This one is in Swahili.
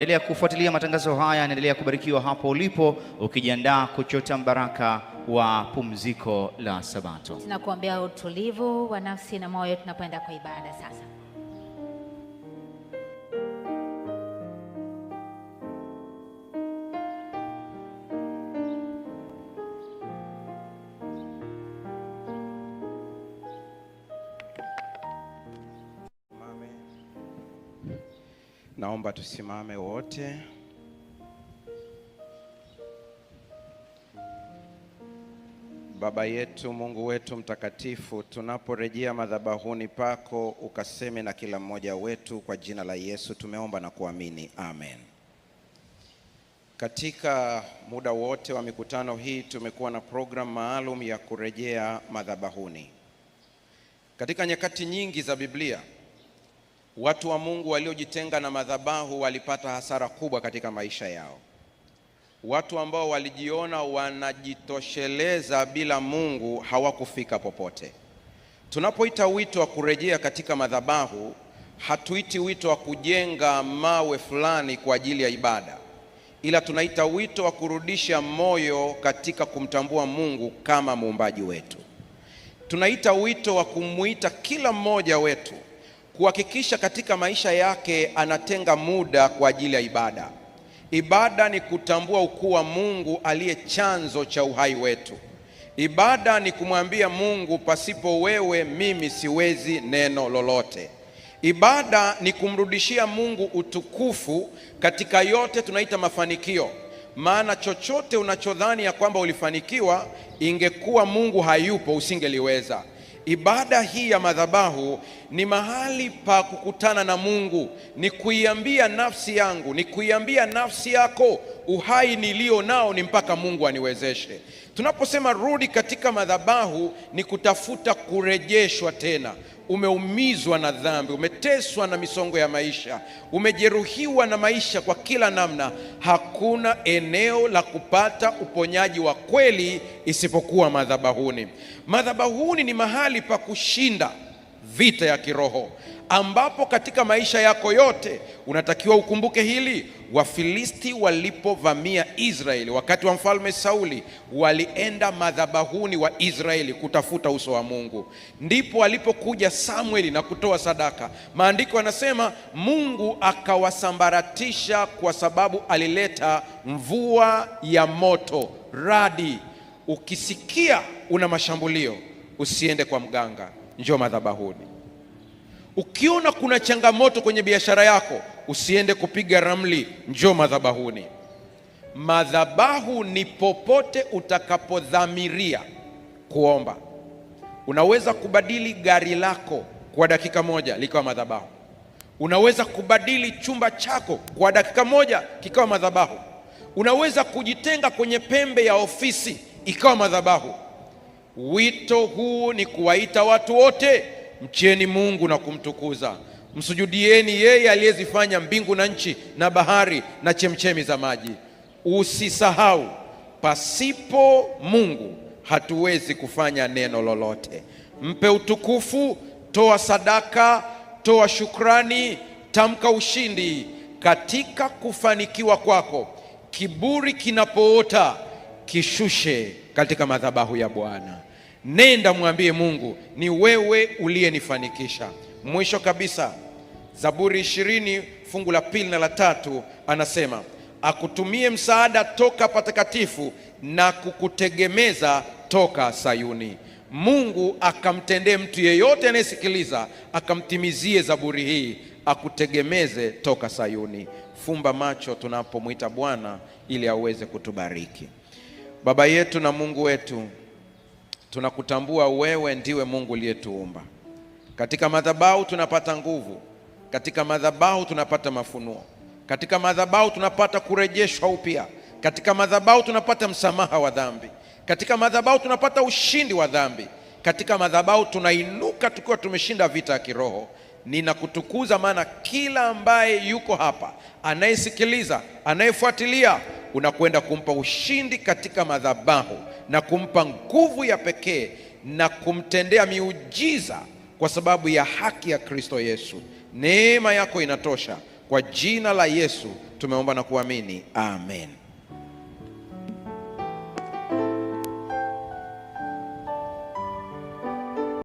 Endelea kufuatilia matangazo haya, endelea kubarikiwa hapo ulipo ukijiandaa kuchota mbaraka wa pumziko la Sabato. Tunakuombea utulivu wa nafsi na moyo tunapoenda kwa ibada sasa. Naomba tusimame wote. Baba yetu Mungu wetu mtakatifu, tunaporejea madhabahuni pako, ukaseme na kila mmoja wetu. Kwa jina la Yesu tumeomba na kuamini, amen. Katika muda wote wa mikutano hii tumekuwa na programu maalum ya kurejea madhabahuni. Katika nyakati nyingi za Biblia Watu wa Mungu waliojitenga na madhabahu walipata hasara kubwa katika maisha yao. Watu ambao walijiona wanajitosheleza bila Mungu hawakufika popote. Tunapoita wito wa kurejea katika madhabahu, hatuiti wito wa kujenga mawe fulani kwa ajili ya ibada, ila tunaita wito wa kurudisha moyo katika kumtambua Mungu kama muumbaji wetu. Tunaita wito wa kumwita kila mmoja wetu kuhakikisha katika maisha yake anatenga muda kwa ajili ya ibada. Ibada ni kutambua ukuu wa Mungu aliye chanzo cha uhai wetu. Ibada ni kumwambia Mungu, pasipo wewe mimi siwezi neno lolote. Ibada ni kumrudishia Mungu utukufu katika yote tunaita mafanikio, maana chochote unachodhani ya kwamba ulifanikiwa, ingekuwa Mungu hayupo usingeliweza. Ibada hii ya madhabahu ni mahali pa kukutana na Mungu, ni kuiambia nafsi yangu, ni kuiambia nafsi yako, uhai nilio nao ni mpaka Mungu aniwezeshe. Tunaposema rudi katika madhabahu, ni kutafuta kurejeshwa tena. Umeumizwa na dhambi, umeteswa na misongo ya maisha, umejeruhiwa na maisha kwa kila namna hakuna eneo la kupata uponyaji wa kweli isipokuwa madhabahuni. Madhabahuni ni mahali pa kushinda vita ya kiroho ambapo katika maisha yako yote unatakiwa ukumbuke hili. Wafilisti walipovamia Israeli wakati wa mfalme Sauli, walienda madhabahuni wa Israeli kutafuta uso wa Mungu, ndipo alipokuja Samueli na kutoa sadaka. Maandiko anasema Mungu akawasambaratisha kwa sababu alileta mvua ya moto, radi. Ukisikia una mashambulio, usiende kwa mganga njoo madhabahuni. Ukiona kuna changamoto kwenye biashara yako, usiende kupiga ramli, njoo madhabahuni. Madhabahu ni popote utakapodhamiria kuomba. Unaweza kubadili gari lako kwa dakika moja likawa madhabahu. Unaweza kubadili chumba chako kwa dakika moja kikawa madhabahu. Unaweza kujitenga kwenye pembe ya ofisi ikawa madhabahu. Wito huu ni kuwaita watu wote, mcheni Mungu na kumtukuza, msujudieni yeye aliyezifanya mbingu na nchi na bahari na chemchemi za maji. Usisahau, pasipo Mungu hatuwezi kufanya neno lolote. Mpe utukufu, toa sadaka, toa shukrani, tamka ushindi katika kufanikiwa kwako. Kiburi kinapoota kishushe katika madhabahu ya Bwana. Nenda mwambie Mungu, ni wewe uliyenifanikisha. Mwisho kabisa, Zaburi ishirini fungu la pili na la tatu anasema akutumie msaada toka patakatifu na kukutegemeza toka Sayuni. Mungu akamtendee mtu yeyote anayesikiliza akamtimizie zaburi hii, akutegemeze toka Sayuni. Fumba macho tunapomwita Bwana ili aweze kutubariki. Baba yetu na Mungu wetu tunakutambua wewe ndiwe Mungu uliyetuumba. Katika madhabahu tunapata nguvu, katika madhabahu tunapata mafunuo, katika madhabahu tunapata kurejeshwa upya, katika madhabahu tunapata msamaha wa dhambi, katika madhabahu tunapata ushindi wa dhambi, katika madhabahu tunainuka tukiwa tumeshinda vita ya kiroho. Ninakutukuza maana kila ambaye yuko hapa, anayesikiliza, anayefuatilia, unakwenda kumpa ushindi katika madhabahu na kumpa nguvu ya pekee na kumtendea miujiza kwa sababu ya haki ya Kristo Yesu. Neema yako inatosha. Kwa jina la Yesu tumeomba na kuamini, amen.